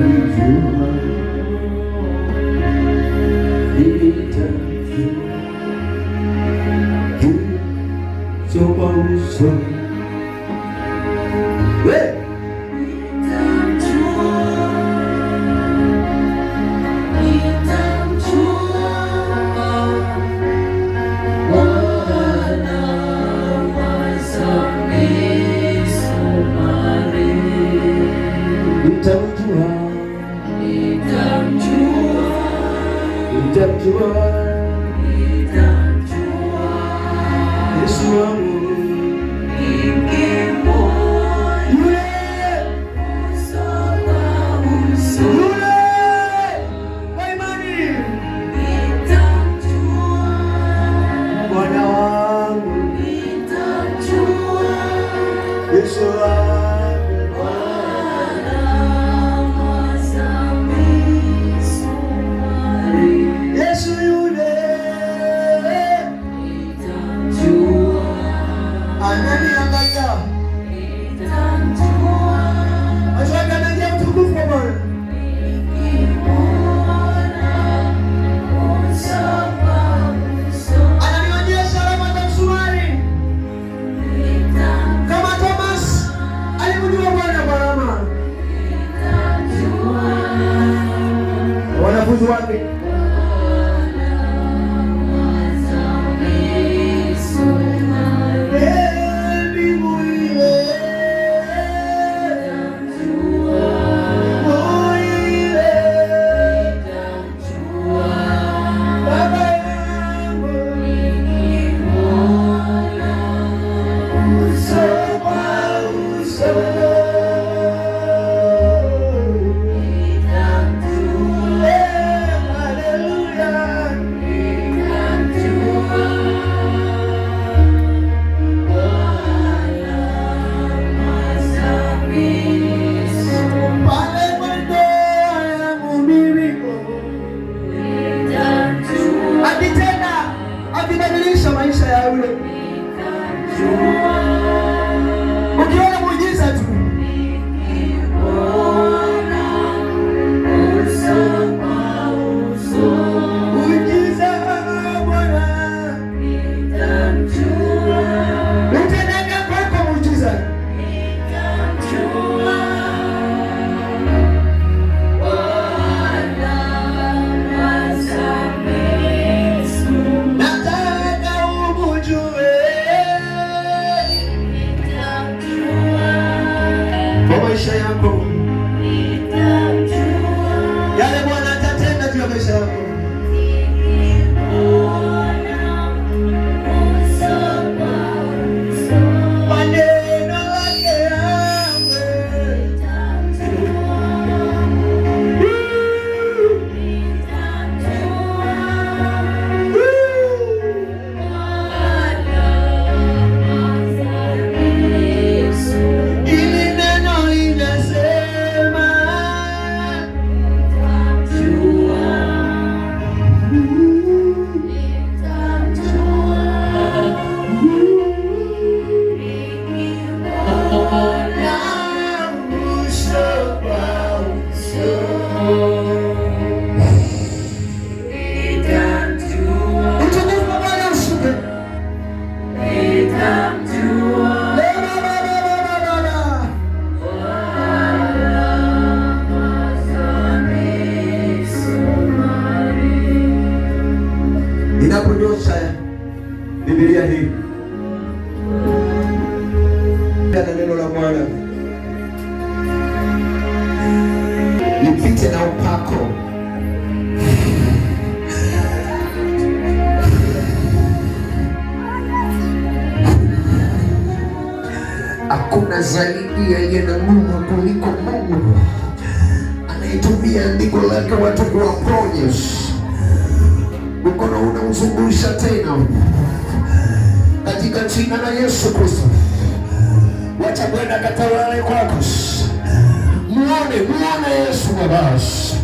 Thank you. to us. What. zaidi ya yena Mungu kuliko Mungu anaitumia andiko lake watu kuwaponye. Mkono unauzungusha tena katika jina la Yesu Kristo, wacha Bwana katawale kwako. Muone, muone Yesu mabasi,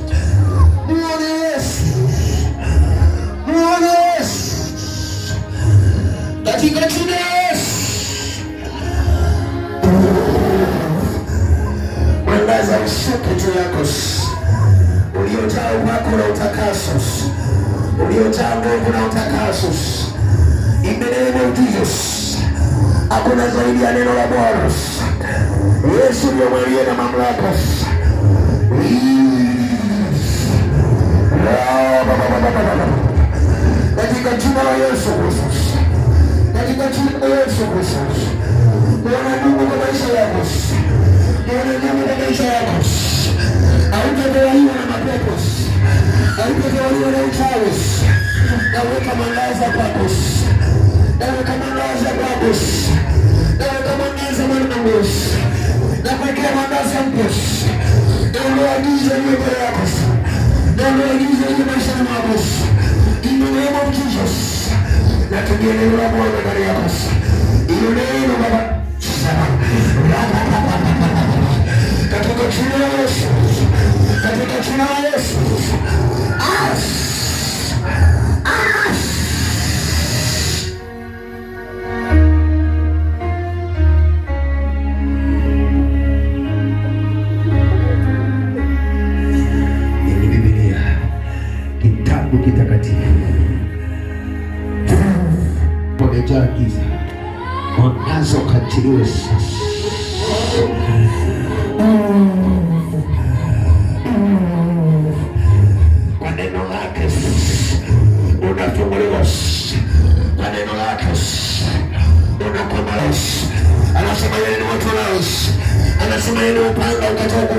muone Yesu, muone Yesu katika jina kuangaza mshakati yako uliojaa upako na utakaso, uliojaa nguvu na utakaso, imenene ujuzi. Hakuna zaidi ya neno la Bwana. Yesu ndio mwenye na mamlaka. Katika jina la Yesu Kristo, katika jina la Yesu Kristo, Bwana Mungu kwa maisha yako Naona na maisha yako hautatawaliwa na mapepo, hautatawaliwa na uchawi. Naweka mwangaza kwako, naweka mwangaza kwako, naweka mwangaza mwanangu, nakuwekea mwangaza mpya, naondoa giza iliyo mbele yako, naondoa giza iliyo maishani mwako, in the name of Jesus. Natumia neno la Bwana ndani yako, in the name maneno upanga ukatoka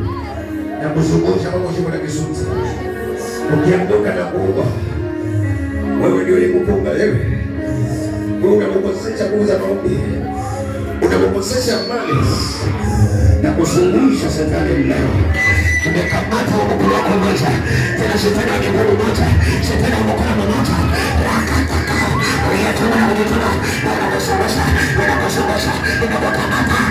na kuzungusha huko shimo la kisunzi. Ukianguka na kuumwa, wewe ndio ulikupunga wewe. Wewe unakukosesha nguvu za maombi, unakukosesha mali na kuzungusha shetani mnao Tumekamata huko kwa moja, tena shetani wa miguu moja, shetani wa mkono moja, wakataka uyatuna, uyatuna, wanakusungusha, wanakusungusha, inakukamata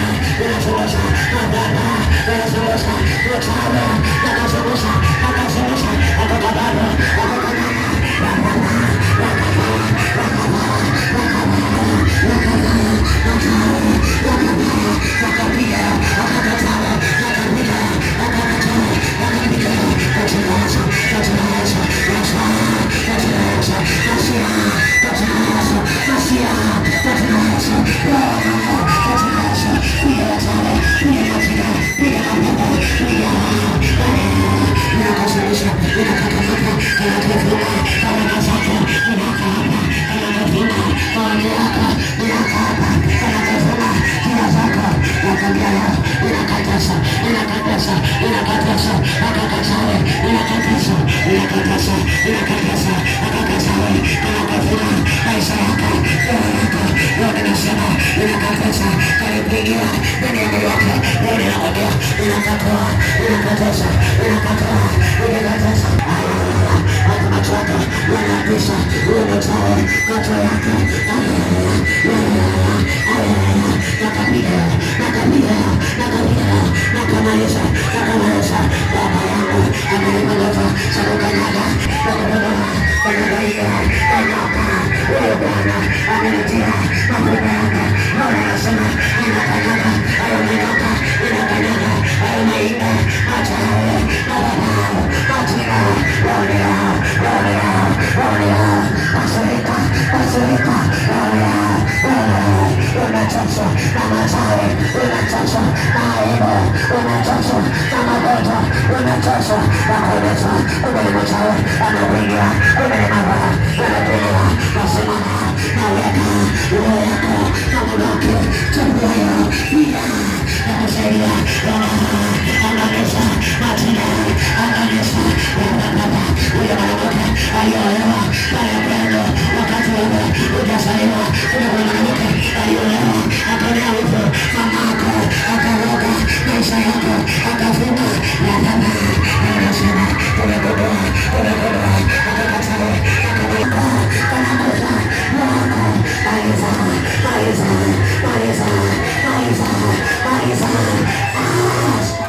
That's Thank you. macho yake nakapiga nakapiga nakapiga nakamaliza nakamaliza baba yangu anaimanova sakukanyaga nakudodoa anagaiga anaka huyo bwana amenitia mafuta yake maana anasema anakanyaga ayomenoka inakanyaga ayomainga macho yawe mababao macho yao waone yao waone yao waone yao Afrika, Afrika, unatosha na matawi, unatosha na aibu, unatosha na magonjwa, unatosha na kuonyesha kumbe ni mchawi, anakuingia, kumbe ni mabaya, anakuingia. Nasimama naweka roho yako na mdoki tabia bila anasaidia anaonyesha matunda anaonyesha baba baba huyo mwanamke aliyeolewa Yesu utazaliwa, kuna mwanamke aliolewa akalea huko, mamako akaroga maisha yako akavuna ladhana, anasema umegodoa, umegodoa, akakatae, akagodoa, anakufa mwako, maliza, maliza, maliza, maliza, maliza, maliza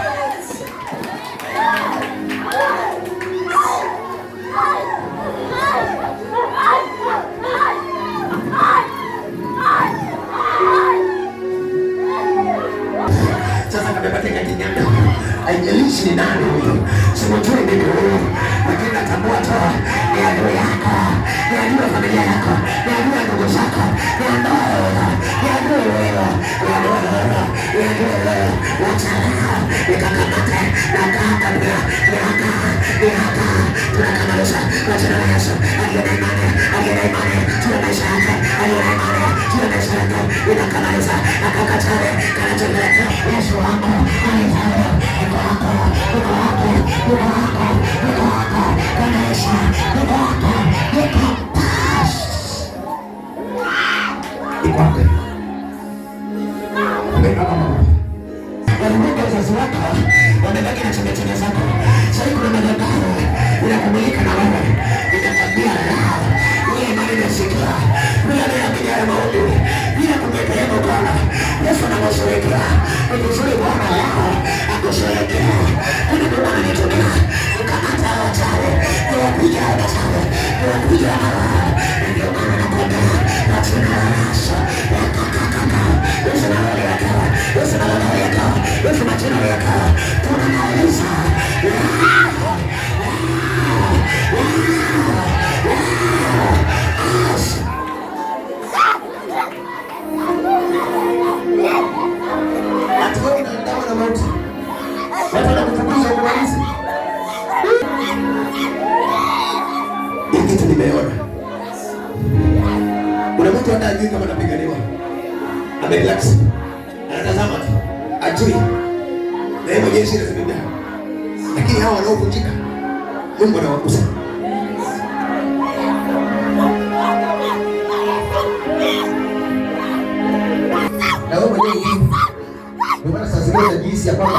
มีเสียงบ้าง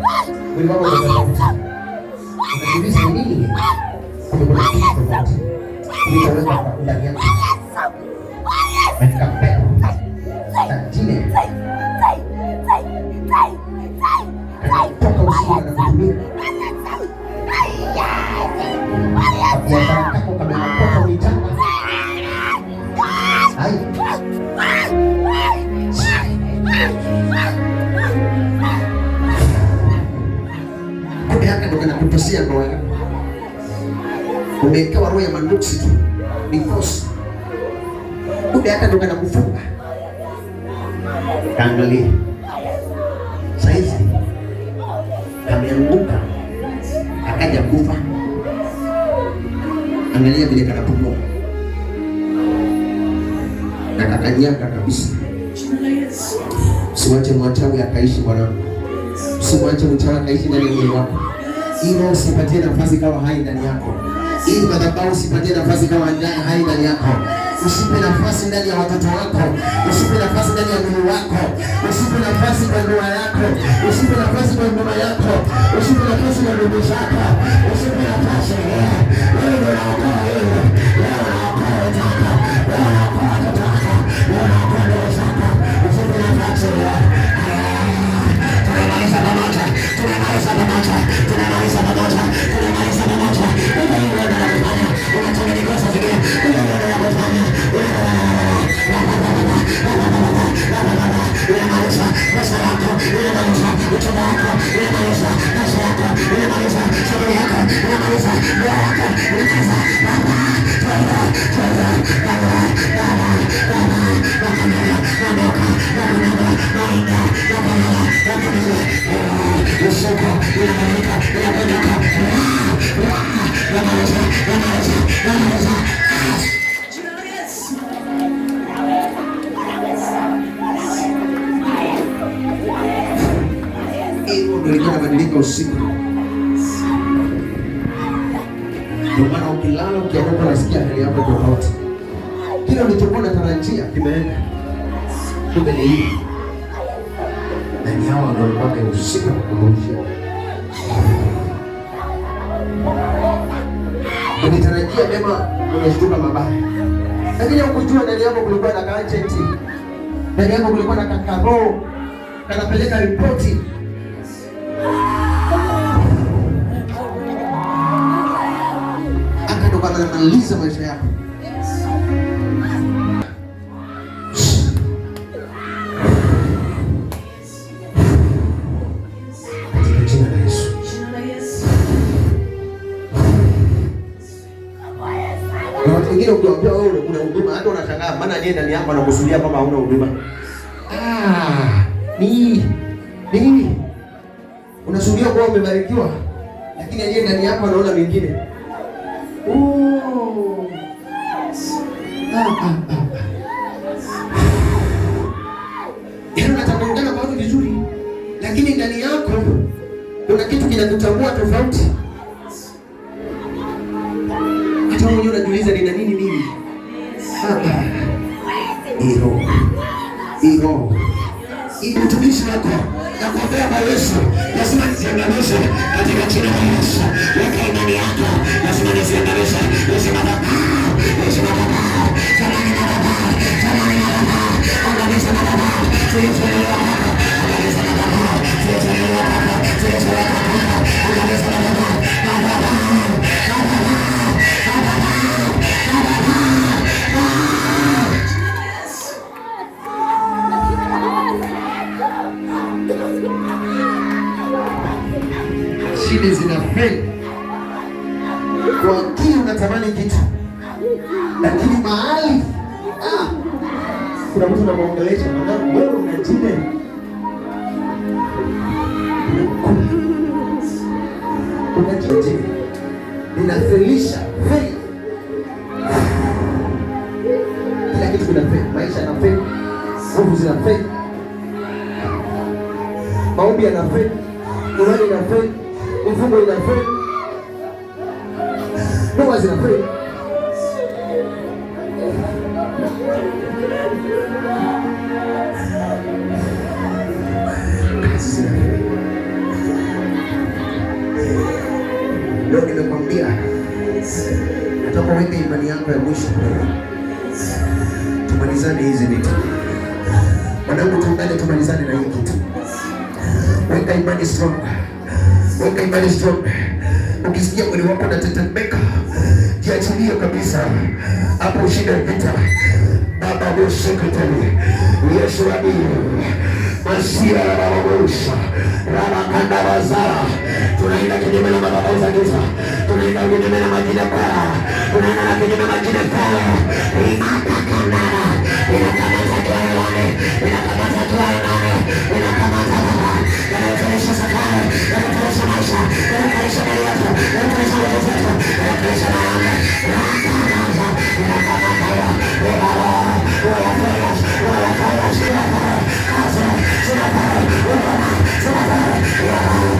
ไหมเป็นว่าจเป็นเป็นวิสัยนี่เป็นคนที่จะูกต้องะีคนที่บอกอย่างเงี้ยเป็นกับแป๊ะแต่ที่เนี่ยใจใจใจใจใจใจใจใจ kuangazia ndoa yako. Umewekewa roho ya manduksi tu, Ni kosa. Kumbe hata ndoka na kufunga. Kangali. Saizi kameanguka akaja kufa. Angalia vile kanapumua na kakanyaga kabisa. Usiwache mwachawi akaishi mwanangu, usimwache mchawi akaishi ndani ya moyo wako. Hilo usipatie nafasi kama hai ndani yako. Hii madhabahu usipatie nafasi kama hai ndani yako. Usipe nafasi ndani ya watoto wako, usipe nafasi ndani ya mwili wako, usipe nafasi kwa ndoa yako, usipe nafasi kwa ngoma yako, usipe nafasi kwa ndugu zako, usipe nafasi wewe. ndio unaokoa wewe, kulikuwa ameandika usiku. Ndio maana ukilala ukiamka unasikia hali yako tofauti. Kila ulichokuwa unatarajia kimeenda. Kumbe ni hii. Na ni hawa ndio walikuwa wamehusika kukurudisha. Ulitarajia mema, unashtuka mabaya. Lakini hukujua ndani yako kulikuwa na kacheti. Ndani yako kulikuwa na kakaroo Kanapeleka ripoti umalize maisha yako. Wengine ukiwaambia wewe una huduma hata unashangaa, maana yeye ndani yako anakusudia kwamba hauna huduma. Ah, ni nini? Unasudia umebarikiwa, lakini yeye ndani anaona mengine. inakutambua tofauti. Hata wewe unajiuliza nina nini mimi? Iro iro mtumishi wako kuombea kwa Yesu, lazima nisiangamishe katika jina la Yesu. Weka imani yako, lazima nisiangamishe. lazima na lazima tabaa, tamani na tabaa, tamani na tabaa, angamiza na tabaa, tuifu na tabaa, angamiza na tabaa Shida zina feli kwa akili, unatamani kitu lakini mahali ah, kuna mtu anamwongelesha wewe, una jina Unachoje? Ninafelisha fail. Kila kitu kina fail, maisha yana fail, nguvu zina fail, maombi yana fail, imani ina fail, mfungo ina fail, ndoa zina fail. Leo nimekwambia nataka uweke imani yako ya mwisho. Tumalizane hizi vitu mwanangu, tuungane, tumalizane na hii kitu. Weka imani strong, weka imani strong. Ukisikia mwili wako unatetemeka, jiachilie kabisa, hapo ushinde vita. Baba museketeli Yesu adii masia raragosha rarakandavazara tunaenda kinyume na mapenzi ya giza, tunaenda kinyume na majira kuu, tunaenda kinyume na majira kuu. Inakakamara, inakamata tuwaone, inakamata tuwaone, inakamata baba, inakarisha safari, inakarisha maisha, inakarisha maisha, inakarisha maisha, inakarisha maisha, inakamata, inakamata ya, ya baba, ya fayas, ya fayas, ya fayas, ya fayas, ya fayas, ya fayas, ya fayas, ya fayas,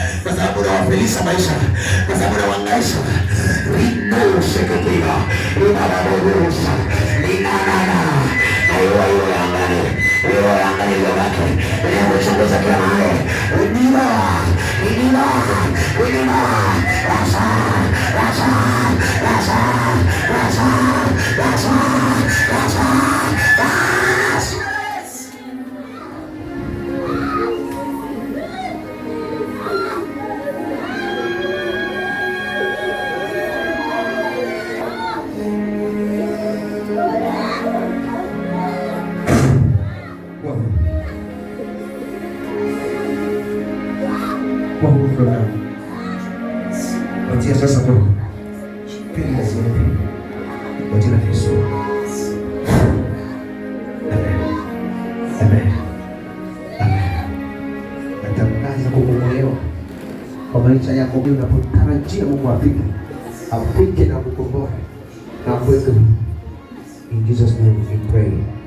kwa sababu unawafilisha maisha, kwa sababu unawangaisha vinoshekekila inanadorusa inanana aiwa iwo yangani iwo yangani vyovake inakuchunguza kila mahali udila idila udila rasa rasa rasa rasa rasa rasa rasa kwa huruma yako. Watia sasa kwa penda zote. Kwa jina la Yesu. Amen. Amen. Amen. Natangaza kukombolewa kwa maisha yako mimi unapotarajia Mungu afike. Afike na kukomboa. Na kuweka. In Jesus name we pray.